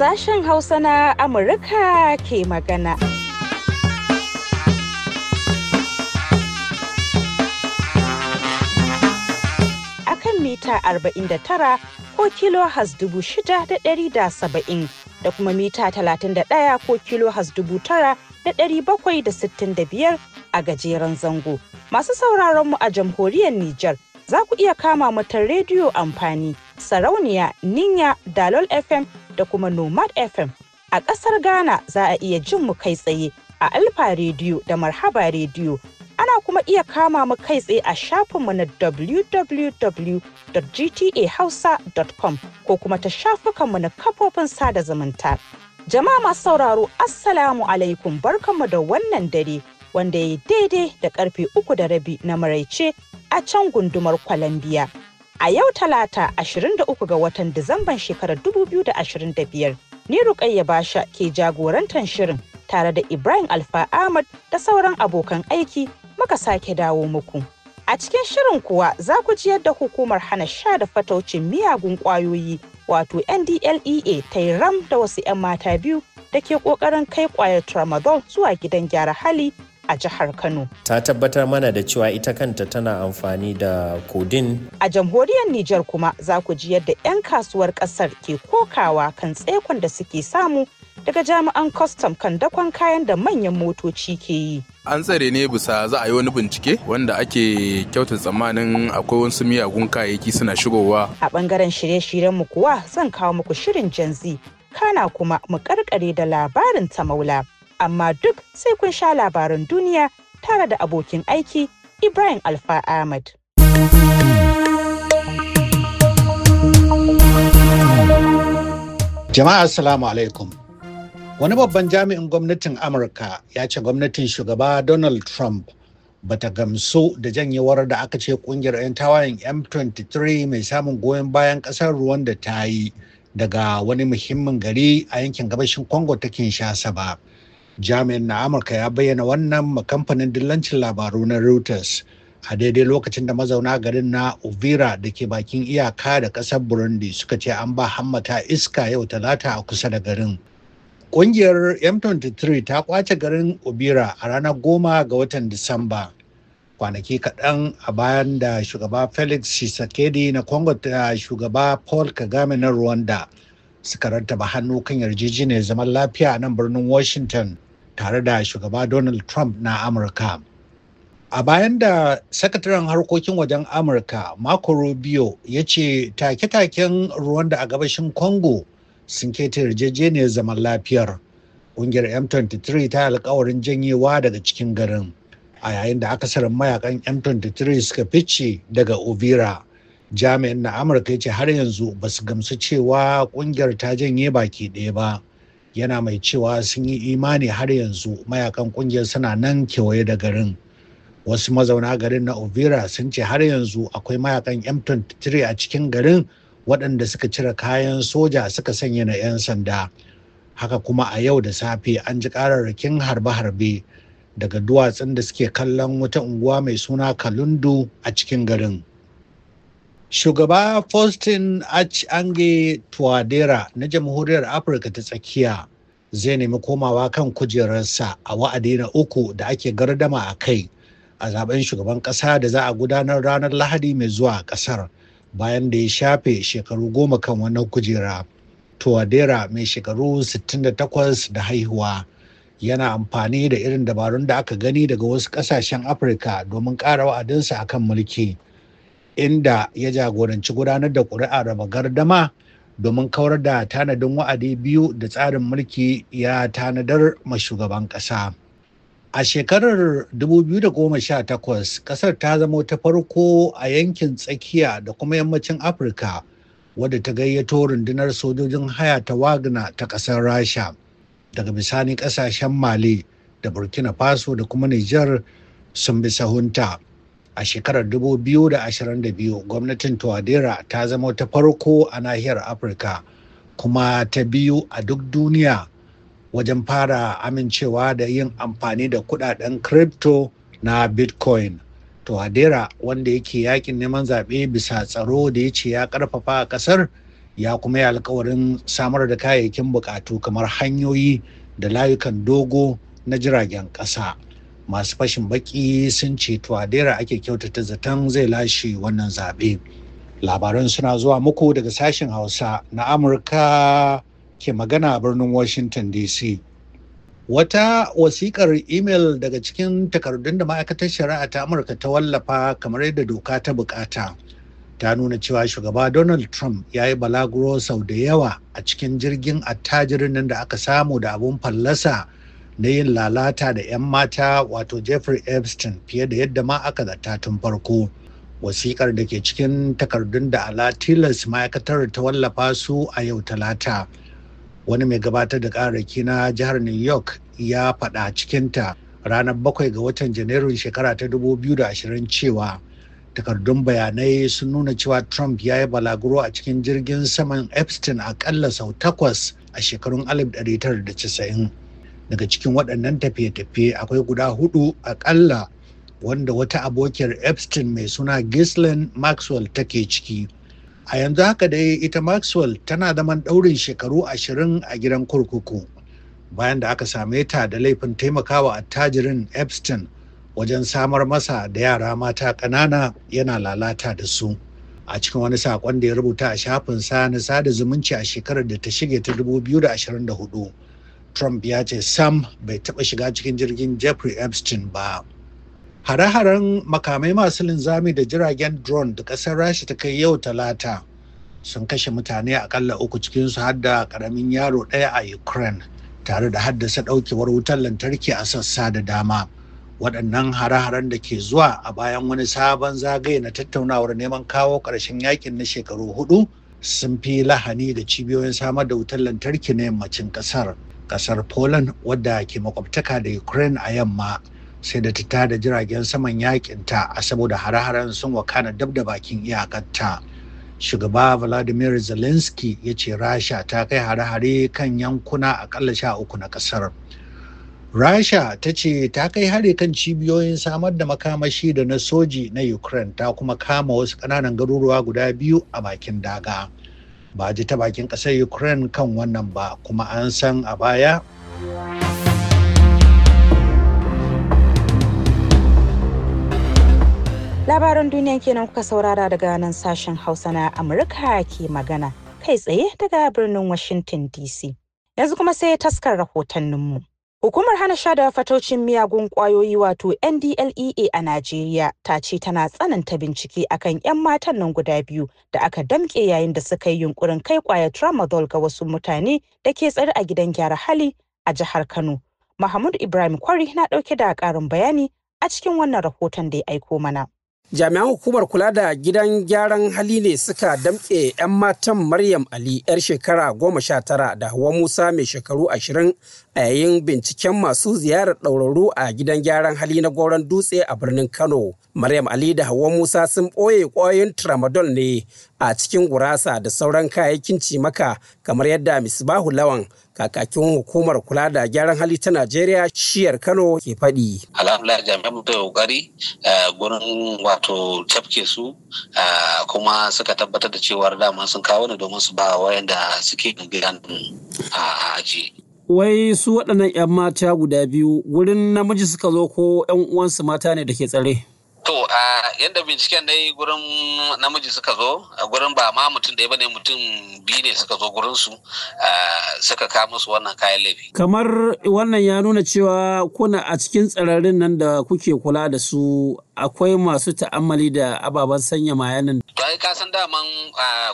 sashen Hausa na Amurka ke magana. Akan mita 49 ko kilo has dubu shida da dari da saba'in da kuma mita talatin ɗaya ko kilo has dubu tara da ɗari bakwai da sittin da biyar a gajeren zango. Masu sauraronmu a jamhuriyar Nijar za ku iya kama mu rediyo amfani, sarauniya, ninya, dalol FM da kuma Nomad FM. A ƙasar Ghana za a iya jin mu kai tsaye a Alfa Radio da Marhaba Radio. Ana kuma iya kama mu kai tsaye a shafinmu na www.gtahausa.com ko kuma ta shafukanmu na kafofin sada zumunta. Jama'a masu sauraro, Assalamu alaikum barkanmu da wannan dare wanda ya yi daidai da karfe uku da rabi na maraice a can gundumar kwalambiya. A yau talata 23 ga watan Disamban shekarar 2025 ni Rukayya Basha ke jagorantar shirin tare da Ibrahim Alfa Ahmad da sauran abokan aiki muka sake dawo muku. A cikin shirin kuwa za ku ji yadda hukumar hana sha da fataucin miyagun ƙwayoyi wato NDLEA ta yi ram da wasu 'yan mata biyu da ke ƙoƙarin kai ƙwayar tramadol zuwa gidan gyara hali a jihar Kano. Ta tabbatar mana da cewa ita kanta tana amfani da kodin. A jamhuriyar Nijar kuma za ku ji yadda 'yan kasuwar ƙasar ke kokawa kan tsaikon da suke samu daga jami'an kwastam kan dakon kayan da manyan motoci ke yi. An tsare ne bisa za a yi wani bincike wanda ake kyauta tsammanin akwai wasu miyagun kayayyaki suna shigowa. A bangaren shirye-shiryen mu kuwa zan kawo muku shirin Gen Z, kana kuma mu karkare da labarin ta maula. amma duk sai kun sha labaran duniya tare da abokin aiki Ibrahim Alfa Ahmad. Jama'a Assalamu alaikum. Wani babban jami'in gwamnatin Amurka ya ce gwamnatin shugaba Donald Trump bata gamsu da janyewar da aka ce kungiyar 'yan tawayen M23 mai samun goyon bayan ƙasar ruwan da ta yi daga wani muhimmin gari a yankin gabashin Congo ta Kinshasa ba. jami'in na amurka ya bayyana wannan ma kamfanin dillancin labaru na reuters a daidai lokacin da mazauna garin na uvira da ke bakin iyaka da kasar burundi suka ce an ba hammata iska yau talata a kusa da garin ƙungiyar m23 ta kwace garin uvira a ranar goma ga watan disamba kwanaki kaɗan a bayan da shugaba felix shisakedi na congo da shugaba paul kagame na rwanda suka rantaba hannu kan yarjejeniyar zaman lafiya a nan birnin washington tare da shugaba Donald Trump na Amurka. A bayan da sakataren harkokin wajen Amurka Marco Rubio ya ce take-taken ruwan da a gabashin Congo sun keta yarjejeniyar zaman lafiyar. Ƙungiyar M23 ta alkawarin janyewa daga cikin garin. A yayin da akasarin mayakan M23 suka fice daga Ovira. Jami'in na Amurka ya ce har yanzu ba su gamsu cewa ƙungiyar ta janye baki ɗaya ba. yana mai cewa sun yi imani har yanzu mayakan kungiyar suna nan kewaye da garin wasu mazauna garin na ovira sun ce har yanzu akwai mayakan m23 a cikin garin waɗanda suka cire kayan soja suka sanya na 'yan sanda haka kuma a yau da safe an ji ƙararrakin harbe-harbe daga duwatsun da suke kallon wata unguwa mai suna kalundu a cikin garin Shugaba Faustin Ange Tuwadera na Jamhuriyar Afirka ta tsakiya zai nemi komawa kan kujerarsa a wa'adi na uku da ake gardama a kai a zaben shugaban ƙasa da za a gudanar ranar Lahadi mai zuwa ƙasar bayan da ya shafe shekaru goma kan wannan kujera. Tuwadera mai shekaru 68 da haihuwa yana amfani da irin dabarun da aka gani daga wasu ƙasashen Afirka domin ƙara wa'adinsa akan mulki. mulki. inda ya jagoranci gudanar da ƙuri'a raba gardama domin kawar da tanadin wa'adi biyu da tsarin mulki ya tanadar mashugaban ƙasa. A shekarar 2018 ƙasar ta zama ta farko a yankin tsakiya da kuma yammacin Afirka wadda ta gayyato rundunar sojojin haya ta Wagner ta ƙasar Rasha. Daga bisani ƙasashen Mali da Burkina Faso da kuma Nijar sun bi sahunta. a shekarar 2022 gwamnatin tuwadera ta zama ta farko a nahiyar afirka kuma ta biyu a duk duniya wajen fara amincewa da yin amfani da kudaden crypto na bitcoin tuwadera wanda yake yakin neman zaɓe bisa tsaro da ya ce ya karfafa a ƙasar ya kuma yi alkawarin samar da kayayyakin bukatu kamar hanyoyi da layukan dogo na jiragen ƙasa. masu fashin baki sun ce to tuwadera ake kyautata zaton zai lashe wannan zaɓe labaran suna zuwa muku daga sashen hausa na amurka ke magana a birnin washington dc wata wasiƙar imel daga cikin takardun da ma'aikatar shari'a ta amurka ta wallafa kamar yadda doka ta bukata ta nuna cewa shugaba donald trump ya yi balaguro sau da yawa a cikin jirgin attajirin nan da aka samu da abun fallasa na yin lalata da 'yan mata wato jeffrey epstein fiye da yadda ma aka zata tun farko wasikar da ke cikin takardun da ala tilas ma'aikatar ta wallafa su a yau talata wani mai gabatar da ƙararraki na jihar new york ya faɗa cikinta ranar bakwai ga watan janairun shekara ta 2020 cewa takardun bayanai sun nuna cewa trump ya yi balaguro a cikin jirgin saman epstein akalla sau takwas a shekarun 1990 daga cikin waɗannan tafiye-tafiye akwai guda hudu akalla wanda wata abokiyar epstein mai suna Ghislaine maxwell take ciki a yanzu haka dai ita maxwell tana zaman ɗaurin shekaru ashirin a gidan kurkuku bayan da aka same ta da laifin taimakawa attajirin epstein wajen samar masa da yara mata ƙanana yana lalata da su a cikin wani saƙon da ya rubuta a shafin na sada zumunci a shekarar da ta shige ta 2024 Trump ya ce Sam bai taɓa shiga cikin jirgin Jeffrey Epstein ba. Hare-haren makamai masu linzami da jiragen drone da ƙasar Rasha ta kai yau talata sun kashe mutane akalla uku cikin su da ƙaramin yaro ɗaya a Ukraine tare da haddasa ɗaukewar wutar lantarki a sassa da dama. Waɗannan hare-haren da ke zuwa a bayan wani sabon zagaye na tattaunawar neman kawo ƙarshen yakin na shekaru hudu sun fi lahani da cibiyoyin samar da wutar lantarki na yammacin ƙasar. kasar poland wadda ke makwabtaka da ukraine a yamma sai da ta tada jiragen saman yakinta a saboda hare-haren sun wakana dab da bakin iyakarta shugaba vladimir zelensky ya ce rasha ta kai hare-hare kan yankuna akalla sha uku na kasar rasha ta ce ta kai hare kan cibiyoyin samar da makamashi da na soji na ukraine ta kuma kama wasu ƙananan garuruwa guda biyu a bakin daga ba ji ta bakin ƙasar ukraine kan wannan ba kuma an san a baya labaran duniya kenan kuka saurara daga nan sashen hausa na amurka ke magana kai tsaye daga birnin washington dc yanzu kuma sai taskar rahotanninmu Hukumar hana sha da fatocin miyagun kwayoyi wato NDLEA a Najeriya ta ce tana tsananta bincike akan 'yan matan nan guda biyu da aka damƙe yayin da suka yi yunkurin kai ƙwayar tramadol ga wasu mutane da ke tsare a gidan gyara hali a jihar Kano. Mahmud Ibrahim Kwari na ɗauke da karin bayani a cikin wannan rahoton da ya aiko mana. jami'an hukumar kula da gidan gyaran hali ne suka damƙe 'yan matan maryam ali 'yar shekara goma sha tara da hawa musa mai shekaru ashirin a yayin binciken masu ziyarar ɗauraru a gidan gyaran hali na goron dutse a birnin kano maryam ali da hawa musa sun ɓoye ƙwayoyin tramadol ne a cikin gurasa da sauran kayayyakin cimaka kamar yadda misbahu lawan kakakin hukumar kula da gyaran hali ta najeriya shiyar kano ke faɗi. alhamdulillah jami'an da kokari eh, gurin wato su eh, kuma suka tabbatar da cewar dama sun kawo ne domin su ba wayanda suke gidan eh, a aji wai su waɗannan 'yan mata guda biyu wurin namiji suka zo ko 'yan uwansu mata ne da ke tsare? To, a yadda binciken dai gurin namiji suka zo, a gurin ba ma mutum ɗaya bane mutum biyu ne suka zo gurin su suka kama su wannan kayan laifi. Kamar wannan ya nuna cewa kuna a cikin tsararin nan da kuke kula da su akwai masu ta'ammali da ababen sanya mayanin. To ai ka san daman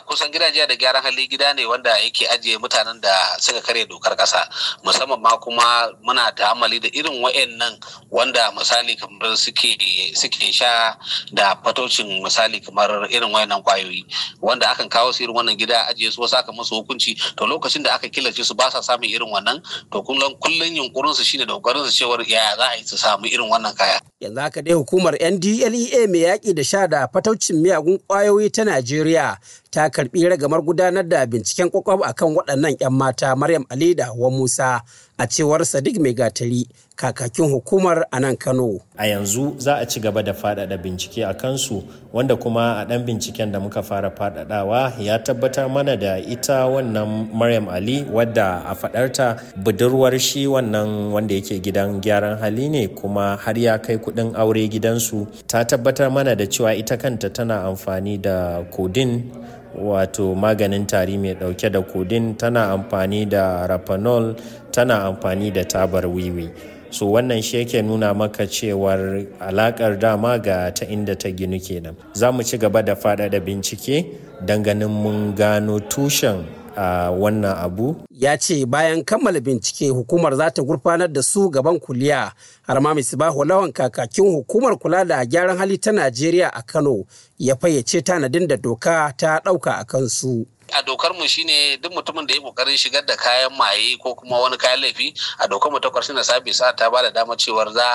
kusan gidaje da gyaran hali gida ne wanda yake ajiye mutanen da suka kare dokar kasa musamman ma kuma muna ta'ammali da irin wa'annan wanda misali kamar suke suke sha da fatocin misali kamar irin wa'annan kwayoyi wanda akan kawo su irin wannan gida ajiye su wasu aka musu hukunci to lokacin da aka killace su ba sa samun irin wannan to kullum kullun yunkurin su shine da su cewar yaya za a yi su samu irin wannan kaya. yanzu haka dai hukumar ndlea mai yaƙi da sha da fataucin miyagun ƙwayoyi ta najeriya ta karɓi ragamar gudanar da binciken kwakwab akan waɗannan 'yan mata maryam ali da Hauwa musa a cewar sadiq mai gatari kakakin hukumar a nan Kano. A yanzu za a ci gaba da faɗaɗa bincike a kansu wanda kuma a ɗan binciken da muka fara faɗaɗawa ya tabbatar mana da ita wannan Maryam Ali wadda a faɗarta budurwar shi wannan wanda yake gidan gyaran hali ne kuma har ya kai kuɗin aure gidansu ta tabbatar mana da cewa ita kanta tana amfani da kodin wato maganin tari mai dauke da kodin tana amfani da rapanol tana amfani da tabar wiwi Su wannan shi yake nuna maka cewar alakar dama ga ta inda ta ginu kenan za mu ci gaba da faɗaɗa bincike don ganin mun gano tushen a wannan abu ya ce bayan kammala bincike hukumar za ta gurfanar da su gaban kuliya har ma misbahu lawan kakakin hukumar kula da gyaran hali ta najeriya a kano ya fayyace tanadin da doka ta ɗauka a kansu a dokar mu shine duk mutumin da ya kokarin shigar da kayan maye ko kuma wani kayan laifi a dokar mu ta kwarshen sabis ta ba da dama cewar za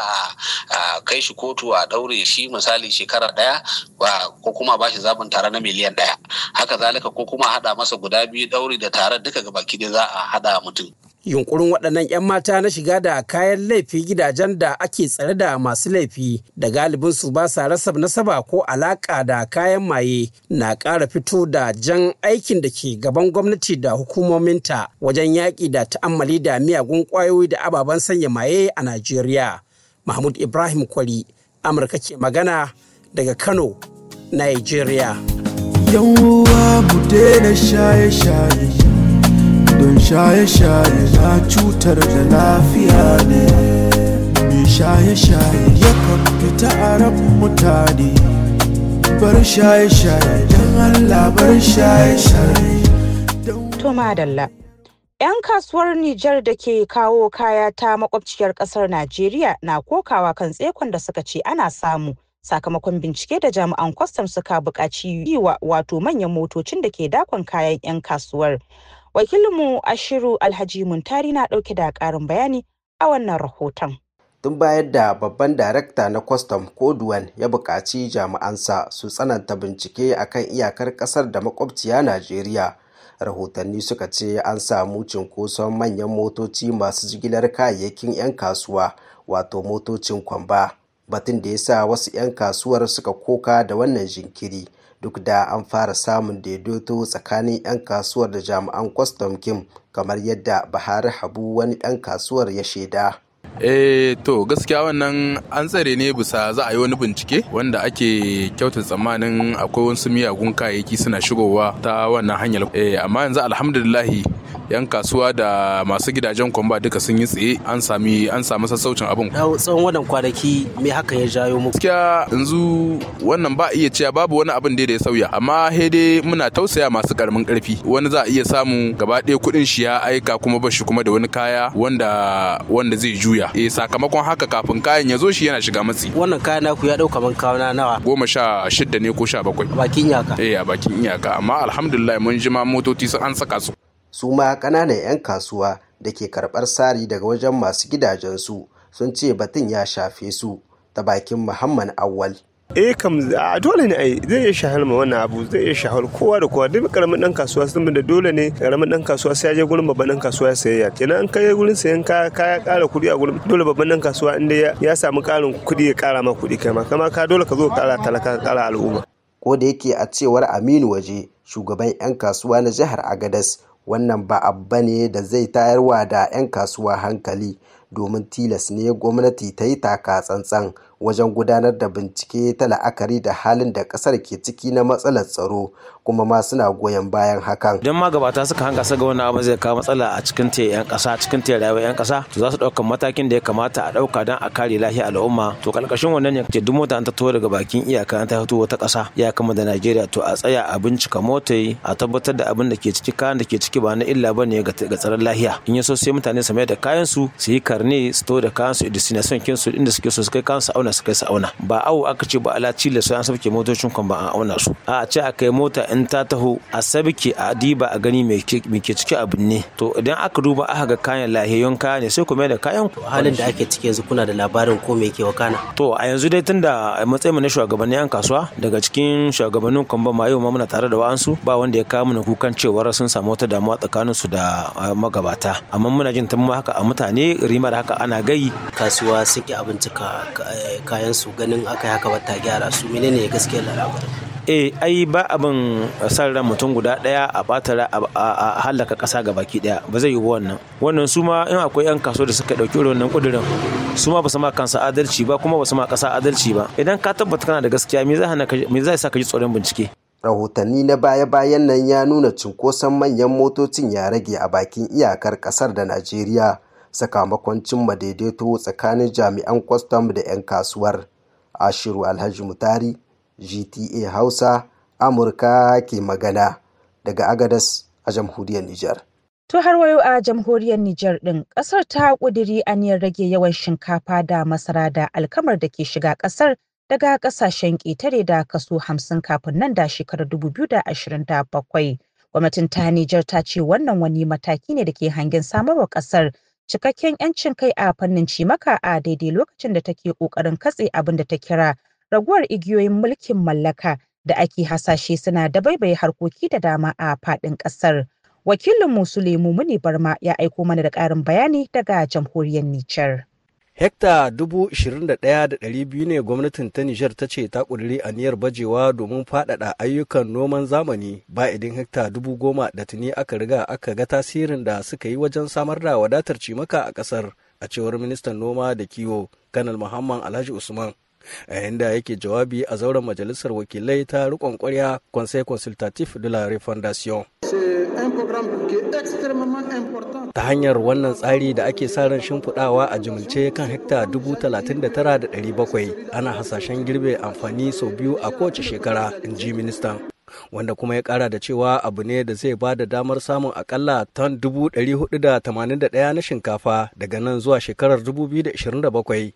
a kai shi kotu a daure shi misali shekara daya ko kuma ba shi zabin tare na miliyan daya haka zalika ko kuma hada masa guda biyu ɗauri, da tare duka gabaki da za a hada mutum Yunkurin waɗannan 'yan mata na shiga da kayan laifi gidajen da ake tsare da masu laifi da galibin su ba sa rasa nasaba ko alaƙa da kayan maye na ƙara fito da jan aikin da ke gaban gwamnati da hukumominta wajen yaƙi da ta'ammali da miyagun ƙwayoyi da ababen sanya maye a Najeriya. Mahmud Ibrahim Kwari, Amurka ke magana daga Kano, Nigeria. Yawwa mu shaye-shaye. Yawan shaye-shaye na cutar da lafiya ne Mai shaye-shaye yakan fita a mutane Bar shaye-shaye don Allah bar shaye-shaye Toma 'Yan kasuwar Nijar da ke kawo kaya ta makwabciyar ƙasar Najeriya na kokawa kan tsekon da suka ce ana samu sakamakon bincike da jami'an kwastam suka buƙaci yi wato manyan motocin da ke dakon kayan 'yan kasuwar. wakilinmu ashiru alhaji muntari na dauke da karin bayani a wannan rahoton tun bayar da babban darakta na kwastam ko duwan ya buƙaci jami'ansa su tsananta bincike a kan iyakar ƙasar da makwabciya najeriya rahotanni suka ce an samu cinkoson manyan motoci masu jigilar kayayyakin 'yan kasuwa wato motocin kwamba batun da ya sa wasu 'yan kasuwar suka koka da wannan jinkiri duk da an fara samun daidaito tsakanin 'yan kasuwar da jami'an kwastam kim kamar yadda Buhari Habu wani 'yan kasuwar ya shaida. eh to gaskiya wannan an tsare ne bisa za a yi wani bincike wanda ake kyauta tsammanin akwai wasu miyagun kayayyaki suna shigowa ta wannan hanyar eh amma yanzu alhamdulillah yan kasuwa da masu gidajen kwamba duka sun yi tsaye an sami an samu sassaucin abin tsawon wannan kwanaki me haka ya jayo mu gaskiya yanzu wannan ba iya cewa babu wani abin da ya sauya amma he dai muna tausaya masu karamin karfi wani za a iya samu gaba ɗaya kuɗin shi ya aika kuma bashi kuma da wani kaya wanda wanda zai juya wuya eh sakamakon haka kafin kayan ya zo shi yana shiga matsi wannan kayan naku ya dauka man kawana nawa goma sha shida ne ko sha bakwai A bakin iyaka eh a bakin iyaka amma alhamdulillah mun ji ma motoci sun an saka su su ma kananan 'yan kasuwa da ke karɓar sari daga wajen masu gidajen su, sun ce batun ya shafe su ta bakin muhammad awwal eh kam a dole ne ai zai iya shahar ma wannan abu zai iya shahar kowa da kowa duk karamin dan kasuwa sun da dole ne karamin dan kasuwa sai ya je gurin babban dan kasuwa ya sayayya kenan an kai gurin sayan kaya kaya kara kuɗi a gurin dole babban dan kasuwa inda ya samu karin kudi ya kara ma kuɗi kai ma kama ka dole ka zo kara talaka kara al'umma ko da yake a cewar Aminu Waje shugaban 'yan kasuwa na jihar Agadas wannan ba abba ne da zai tayarwa da 'yan kasuwa hankali domin tilas ne gwamnati ta yi taka tsantsan wajen gudanar da bincike ta la'akari da halin da kasar ke ciki na matsalar tsaro kuma ma suna goyon bayan hakan idan ma gabata suka hanga su ga wannan abu zai kawo matsala a cikin ta yan kasa cikin ta rayuwar yan kasa to za su ɗaukar matakin da ya kamata a ɗauka don a kare lahiyar al'umma to karkashin wannan ne duk mota an ta taho daga bakin iyaka an ta fito wata kasa ya kama da Najeriya to a tsaya a bincika mota a tabbatar da abin da ke ciki kayan da ke ciki ba na illa ba ne ga tsaron lahiya in yaso sai mutane su mai da kayan su su yi karne su to da kayan su idisina son kin su inda suke so su kai kayan su auna auna su kai su auna ba awo aka ce ba ala cile su an sabke motocin kan ba an auna su a ce a kai mota in ta taho a sabke a diba a gani me ke ciki abin ne to idan aka duba aka ga kayan lahiyayyun kaya ne sai kuma da kayan halin da ake ciki yanzu kuna da labarin ko me ke wakana to a yanzu dai tunda matsayin mu na shugabannin yan kasuwa daga cikin shugabannin kan ba ma yau ma muna tare da wa'ansu ba wanda ya kawo mana kukan cewar sun samu wata damuwa tsakanin su da magabata amma muna jin tamma haka a mutane rimar haka ana gai kasuwa suke abinci ka. Eh, kayan su ganin aka yi haka ba ta gyara su menene gaskiyar al'amari e eh, ai ba abin san ran mutum guda daya a bata a halaka kasa baki daya ba zai yi wannan wannan su ma in akwai yan kaso da suka dauki wannan kudirin su ma ba su ma kansa adalci ba kuma ba su ma kasa adalci ba idan ka tabbata kana da gaskiya me zai hana me zai sa ka ji tsoron bincike rahotanni na baya-bayan nan ya nuna cunkoson manyan motocin ya rage a bakin iyakar kasar da najeriya sakamakon cimma daidaito tsakanin jami'an kwastam da 'yan kasuwar ashiru alhaji mutari gta hausa amurka ke magana daga agadas a jamhuriyar nijar To har wayo a jamhuriyar Nijar ɗin ƙasar ta ƙudiri aniyar rage yawan shinkafa da masara da alkamar da ke shiga ƙasar daga ƙasashen ƙetare da kaso hamsin kafin nan da shekarar bakwai Gwamnatin ta Nijar ta ce wannan wani mataki ne da ke hangen samarwa ƙasar cikakken 'yancin kai a fannin cimaka a daidai lokacin da take ƙoƙarin katse abin da ta kira raguwar igiyoyin mulkin mallaka da ake hasashe suna dabaibaye harkoki da dama a faɗin ƙasar. Wakilinmu Sulemu Muni Barma ya aiko mana da ƙarin bayani daga jamhuriyar Nijar. hekta 21,200 ne gwamnatin ta nijar ta ce ta ƙudiri aniyar bajewa domin faɗaɗa ayyukan noman zamani ba idin hekta 10,000 da tuni aka riga aka ga tasirin da suka yi wajen samar da wadatar cimaka a ƙasar a cewar ministan noma da kiwo kanal muhammad alhaji usman a yanda yake jawabi a zauren majalisar wakilai ta rikon kwarya conseil consultatif de la refondation ta hanyar wannan tsari da ake sa ran shimfiɗawa a jimince kan hekta 39,700 ana hasashen girbe amfani sau biyu a kowace shekara in ji ministan wanda kuma ya kara da cewa abu ne da zai ba da damar samun akalla ton 481 na shinkafa daga nan zuwa shekarar 2027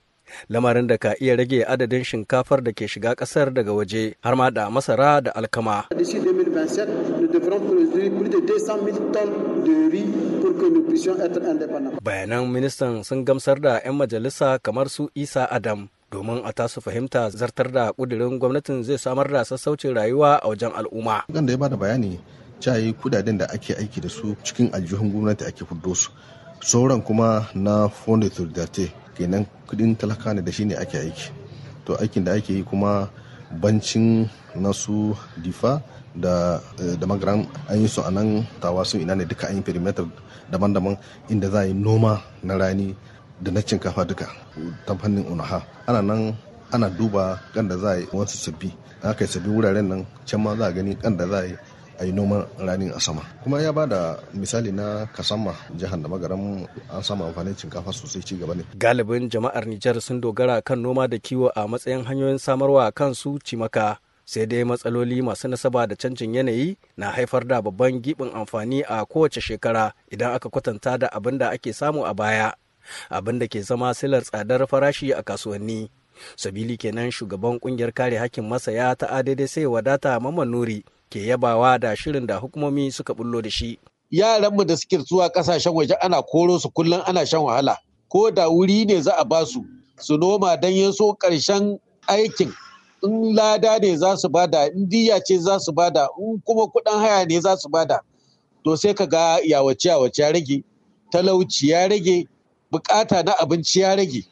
lamarin da ka iya rage adadin shinkafar da ke shiga kasar daga waje har ma da masara da alkama. Bayanan ministan sun gamsar da 'yan majalisa kamar su Isa Adam domin a tasu fahimta zartar da kudirin gwamnatin zai samar da sassaucin rayuwa a wajen al'umma. Kan da ya bada bayani cayi kudaden da ake aiki da su cikin aljihun gwamnati ake fuddo su. Sauran kuma na Fondi kenan kudin talaka ne da shi ne ake aiki to aikin da ake yi kuma bancin nasu difa da eh, da magaran an yi su a nan tawasu ina ne duka an yi perimeter daban-daban inda za a yi noma na rani da na kafa duka ta fannin unaha ana nan ana duba kan da za a yi wasu sabbi aka yi sabbi wuraren nan can ma za a gani kan da za a yi a yi noman ranin a sama kuma ya ba da misali na kasama jihar da magaran an sama amfanin shinkafa sosai ci gaba ne galibin jama'ar nijar sun dogara kan noma da kiwo a matsayin hanyoyin samarwa kansu cimaka sai dai matsaloli masu nasaba da canjin yanayi na haifar da babban gibin amfani a kowace shekara idan aka kwatanta da abin da ake samu a baya abin da ke zama silar tsadar farashi a kasuwanni sabili kenan shugaban kungiyar kare hakkin masaya ta adede sai wadata mamman nuri ke yabawa da shirin da hukumomi suka bullo da shi. Yaranmu da suke zuwa kasashen waje ana koro su kullum ana shan wahala. Ko da wuri ne za a ba su su noma don ya so ƙarshen aikin. In lada ne za su bada, in diya ce za su bada, in kuma kuɗin haya ne za su bada. To sai ka ga yawace yawace ya rage, talauci ya rage, bukata na abinci ya rage.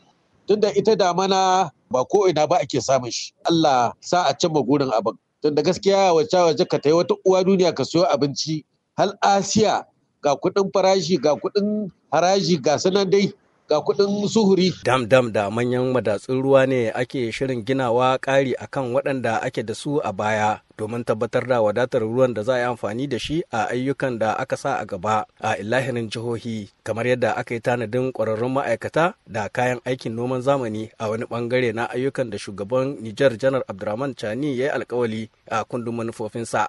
Tunda ita da mana ba ko ina ba ake samun shi. Allah sa a cimma gurin abin. da gaskiya wacce wacce ka tayi wata uwa duniya ka siyo abinci hal asiya ga kuɗin farashi ga kuɗin haraji ga sanan dai ga kuɗin suhuri. Dam dam da manyan madatsun ruwa ne ake shirin ginawa ƙari kan waɗanda ake da su a baya domin tabbatar da wadatar ruwan da za a yi amfani da shi a ayyukan da aka sa a gaba a ilahirin jihohi kamar yadda aka yi tanadin ƙwararrun ma'aikata da kayan aikin noman zamani a wani bangare na ayyukan da shugaban Nijar Janar Abdurrahman Chani ya yi alkawali a kundin manufofinsa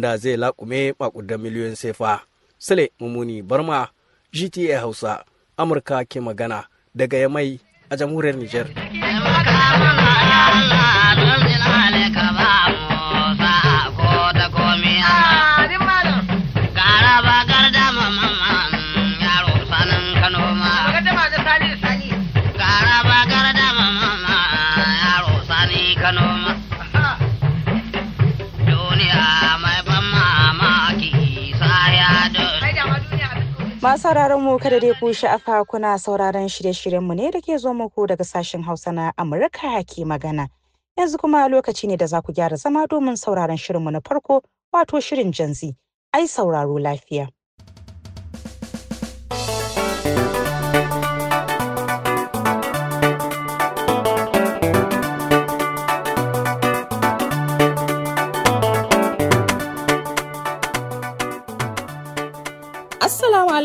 da zai laƙume makudan miliyoyin sefa. Sule Mumuni Barma, GTA Hausa. Amurka ke magana daga Yamai a jamhuriyar Nijar. Ma sauraron mu kada dai ku sha'afa kuna sauraron shirye-shiryen mu ne da ke zo muku daga sashen Hausa na Amurka ke magana. Yanzu kuma lokaci ne da za ku gyara zama domin sauraron shirinmu na farko wato shirin janzi. Ai sauraro lafiya.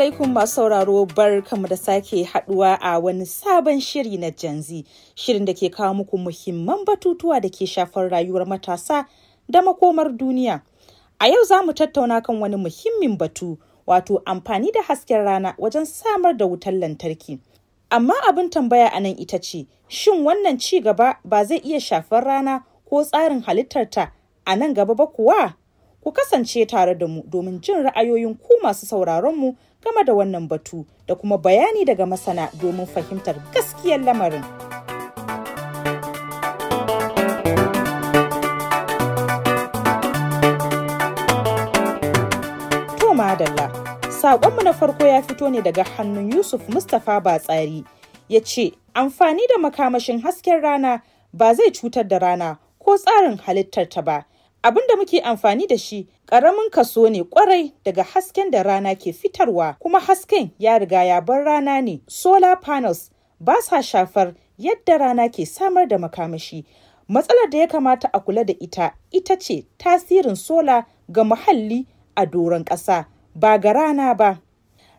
alaikum masu sauraro bar kama da sake haduwa a wani sabon shiri na janzi shirin da ke kawo muku muhimman batutuwa da ke shafar rayuwar matasa da makomar duniya. A yau za mu tattauna kan wani muhimmin batu wato amfani da hasken rana wajen samar da wutar lantarki. Amma abin tambaya a nan ita ce, shin wannan ci gaba ba zai iya shafar rana ko tsarin halittarta a nan gaba ba kuwa? ku kasance tare da mu domin jin ra'ayoyin ku masu sauraronmu game da wannan batu da kuma bayani daga masana domin fahimtar gaskiyar lamarin. To madalla, saƙonmu na farko ya fito ne daga hannun Yusuf Mustapha Batsari ya ce, amfani da makamashin hasken rana ba zai cutar da rana ko tsarin halittarta ba. abin da muke amfani da shi ƙaramin kaso ne kwarai daga hasken da rana ke fitarwa kuma hasken ya riga ya bar rana ne solar panels ba sa shafar yadda rana ke samar da makamashi matsalar da ya kamata a kula da ita ita ce tasirin sola ga muhalli a doron ƙasa ba ga rana ba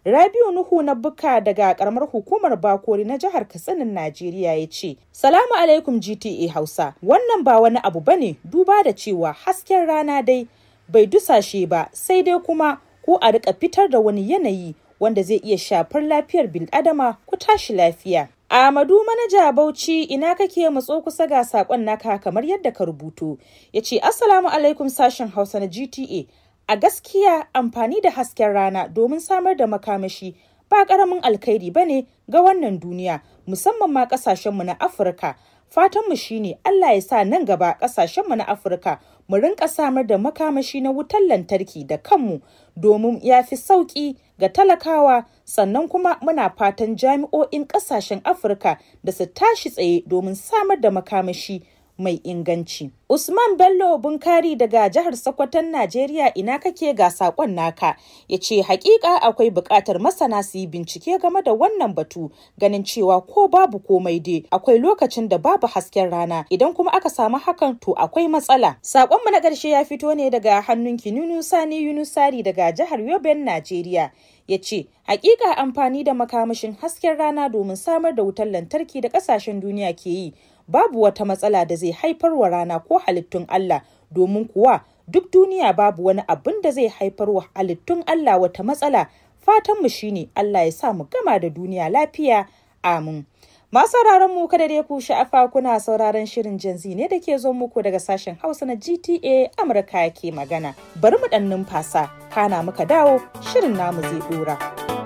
Rabiu Nuhu na Bukka daga karamar hukumar Bakori na jihar Katsinin Najeriya ya ce, Salamu alaikum GTA Hausa, wannan ba wani abu ba ne, duba da cewa hasken rana dai bai dusashe ba sai dai kuma ko a rika fitar da wani yanayi wanda zai iya shafar lafiyar bil'adama ku tashi lafiya. Amadu manaja Bauchi ina kake matso kusa ga sakon naka kamar yadda ka rubuto. Ya ce Assalamu alaikum sashen Hausa na GTA. A gaskiya amfani da hasken rana domin samar da makamashi ba ƙaramin alkhairi ba ne ga wannan duniya musamman ma ƙasashenmu na Afirka. Fatanmu shi ne Allah ya sa nan gaba ƙasashenmu na Afirka mu rinƙa samar da makamashi na wutar lantarki da kanmu domin ya fi sauƙi ga talakawa sannan kuma muna fatan jami'o'in ƙasashen Afirka da su tashi tsaye domin samar da makamashi mai inganci. Usman Bello Bunkari daga jihar Sokoton Najeriya ina kake ga sakon naka ya ce hakika akwai buƙatar masana su yi bincike game da wannan batu ganin cewa ko babu komai dai akwai lokacin da babu hasken rana idan kuma aka samu hakan to akwai matsala. mu na ƙarshe ya fito ne daga hannun Kinunu Sani Yunusari daga jihar Yoben Najeriya. ya ce hakika amfani da makamashin hasken rana domin samar da wutar lantarki da ƙasashen duniya ke yi babu wata matsala da zai haifar wa rana ko halittun Allah domin kuwa duk duniya babu wani abin da zai haifar wa halittun Allah wata matsala fatan mu shine Allah ya sa mu gama da duniya lafiya amin masu mu kada dai ku sha'afa kuna sauraron shirin janzi ne da ke zo muku daga sashen hausa na gta amurka ke magana bari mu dan numfasa kana muka dawo shirin namu zai dora.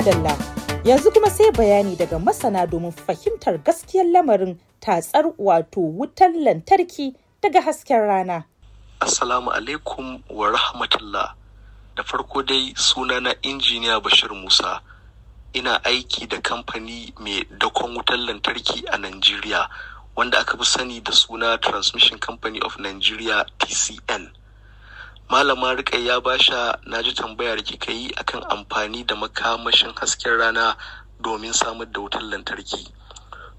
madalla yanzu kuma sai bayani daga masana domin fahimtar gaskiyar lamarin tatsar wato wutar lantarki daga hasken rana. Assalamu alaikum wa rahmatullah da farko dai suna na injiniya Bashir Musa ina aiki da kamfani mai dakon wutar lantarki a Najeriya wanda aka fi sani da suna Transmission Company of Nigeria TCN. malama ba Basha na ji tambaya da kika yi akan amfani da makamashin hasken rana domin samar da wutar lantarki.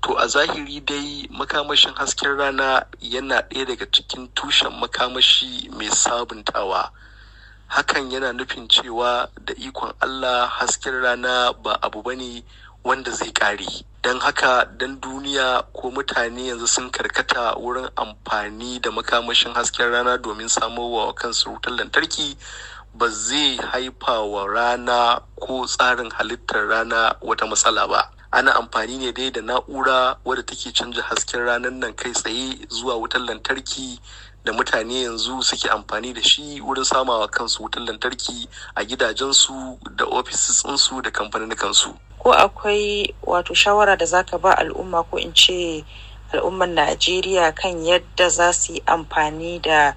To a zahiri dai makamashin hasken rana yana ɗaya daga cikin tushen makamashi mai sabuntawa. Hakan yana nufin cewa da ikon Allah hasken rana ba abu bane wanda zai ƙare don haka don duniya ko mutane yanzu sun karkata wurin amfani da makamashin hasken rana domin samo wa kansu wutar lantarki ba zai haifa wa rana ko tsarin halittar rana wata matsala ba ana amfani ne dai da na'ura wadda take canja hasken ranar nan kai tsaye zuwa wutar lantarki da mutane yanzu suke amfani da shi wurin samawa kansu wutar lantarki a gidajensu da ofisinsu da kamfanin kansu. Ko akwai wato shawara da zaka ba al'umma ko in ce al'ummar Najeriya kan yadda za su yi amfani da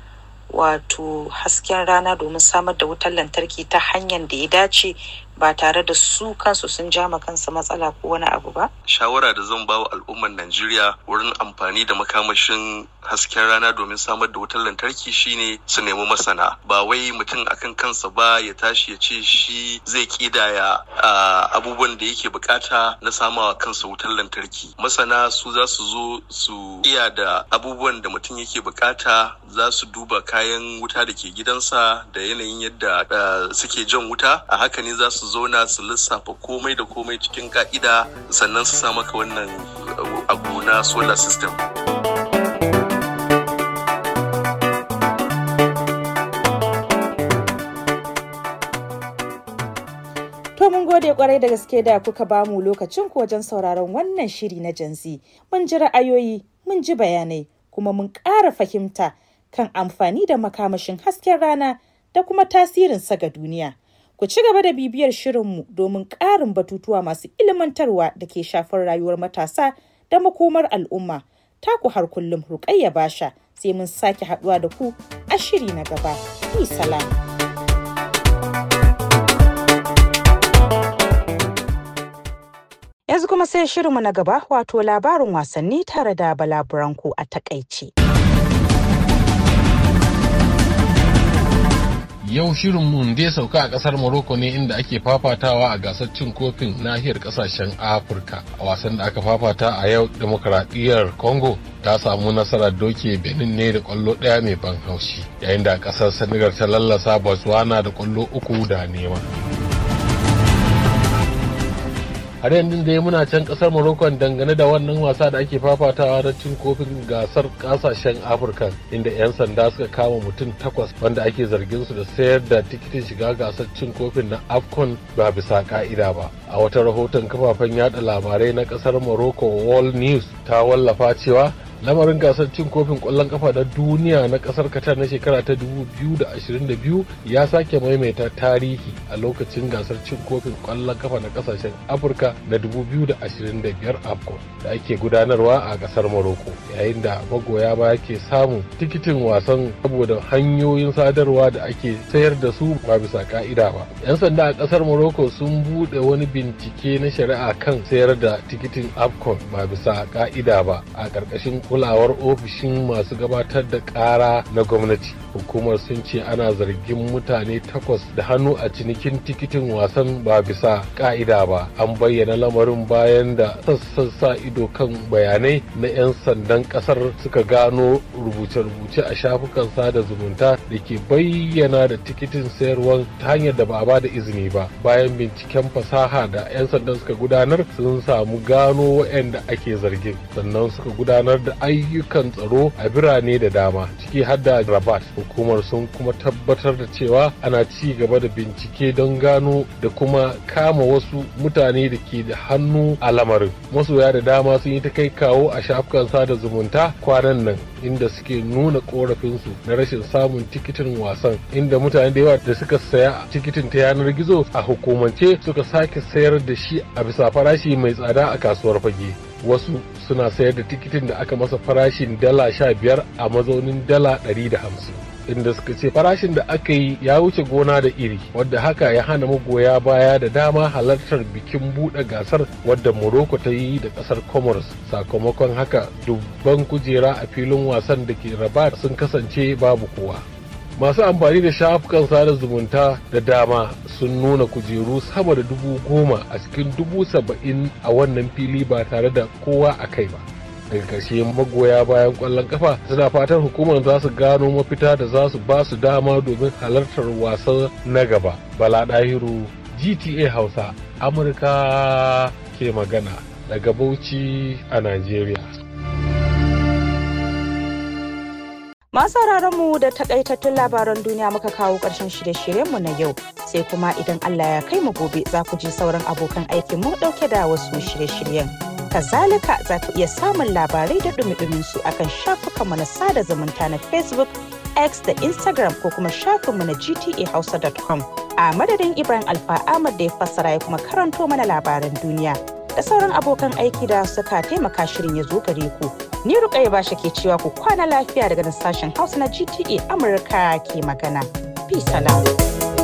wato hasken rana domin samar da wutar lantarki ta hanyar da ya dace ba tare da su kansu sun ja ma kansu matsala ko wani abu ba. Shawara da zan ba wa al'ummar Najeriya wurin amfani da makamashin hasken rana domin samar da wutar lantarki shine su nemi masana ba wai mutum akan kansa ba ya tashi ya ce shi zai kidaya abubuwan da yake bukata na samawa kansa wutar lantarki masana su za su zo su iya da abubuwan da mutum yake bukata za su duba kayan wuta da ke gidansa da yanayin yadda suke jan wuta a haka ne za su su zauna su lissafa komai da komai cikin ka'ida sannan su sa maka wannan uh, abu na solar system. To mun gode kwarai da gaske da kuka bamu lokacin ku wajen sauraron wannan shiri na janzi. Mun ji ra'ayoyi, mun ji bayanai, kuma mun ƙara fahimta kan amfani da makamashin hasken rana da kuma tasirinsa ga duniya. Ku ci gaba da bibiyar shirinmu domin ƙarin batutuwa masu ilmantarwa da ke shafar rayuwar matasa da makomar al'umma. Taku har kullum Rukayya Basha sai mun sake haɗuwa da ku a shiri na gaba. Ni Yanzu kuma sai shirinmu na gaba wato labarin wasanni tare da balaburanku a takaice. yau shirin mun dai sauka a kasar morocco ne inda ake fafatawa a gasar cin kofin nahiyar kasashen afirka a wasan da aka fafata a yau demokaradiyyar congo ta samu nasarar doke benin ne da kwallo ɗaya mai ban haushi yayin da kasar senegal ta lallasa botswana da kwallo uku da nema har yanzu dai muna can kasar morocco dangane da wannan wasa da ake fafatawa na cin kofin gasar kasashen afirka inda 'yan sanda suka kama mutum takwas wanda ake zargin su da sayar da tikitin shiga gasar cin kofin na afcon ba bisa ka'ida ba a wata rahoton kafafen yada labarai na kasar morocco world news ta wallafa cewa lamarin gasar cin kofin kwallon kafa da duniya na kasar qatar na shekara ta 2022 ya sake maimaita tarihi a lokacin gasar cin kofin kwallon kafa na kasashen afirka na 2025 afcon da ake gudanarwa a kasar morocco yayin da magoya baya ke samun tikitin wasan saboda hanyoyin sadarwa da ake sayar da su ba bisa ka'ida ba yan sanda a kasar morocco sun bude wani bincike na shari'a kan sayar da tikitin afcon ba bisa ka'ida ba a ƙarƙashin kulawar ofishin masu gabatar da ƙara na gwamnati hukumar sun ce ana zargin mutane takwas da hannu a cinikin tikitin wasan ba bisa ka'ida ba an bayyana lamarin bayan da sassan sa ido kan bayanai na 'yan sandan kasar suka gano rubuce-rubuce a shafukan sada zumunta da ke bayyana da tikitin sayarwar ta hanyar da ba a ba da izini ba bayan binciken fasaha da 'yan sandan suka gudanar sun samu gano waɗanda ake zargin sannan suka gudanar da ayyukan tsaro a birane da dama ciki har da rabat hukumar sun kuma tabbatar da cewa ana ci gaba da bincike don gano da kuma kama wasu mutane da ke da hannu a lamarin masoya da dama sun yi ta kai kawo a shafukan sada zumunta kwanan nan inda suke nuna korafinsu na rashin samun tikitin wasan inda mutane da yawa da suka saya tikitin ta yanar gizo a hukumance suka sake sayar da shi a bisa farashi mai tsada a kasuwar fage wasu suna sayar da tikitin da aka masa farashin dala sha biyar a mazaunin dala ɗari da hamsin inda suka ce farashin da aka yi ya wuce gona da iri wadda haka ya hana magoya baya da dama halartar bikin buɗe gasar wadda morocco ta yi da ƙasar comoros sakamakon haka dubban kujera a filin wasan da ke rabat sun kasance babu kowa masu amfani da shafukan sada zumunta da dama sun nuna kujeru sama da dubu goma a cikin dubu saba'in a wannan fili ba tare da kowa a kai ba daga ƙarshe magoya bayan ƙwallon ƙafa suna fatan hukumar za su gano mafita da za su ba su dama domin halartar wasan na gaba bala ɗahiru gta hausa amurka ke magana daga bauchi a najeriya Masu mu da takaitattun labaran duniya muka kawo ƙarshen shirye-shiryenmu na yau sai kuma idan Allah ya kai mu gobe za ku ji sauran abokan aikin mu ɗauke da wasu shirye-shiryen. Kazalika za ku iya samun labarai da dumi su akan shafukanmu na sada zumunta na Facebook, X da Instagram ko kuma shafinmu na gtahausa.com. A madadin Ibrahim Alfa Ahmad da ya fassara ya kuma karanto mana labaran duniya da sauran abokan aiki da suka taimaka shirin ya zo gare ku. Ni Rukaiya Basha ke cewa ku kwana lafiya daga sashen Hausa na GTA Amurka ke magana. Peace salam.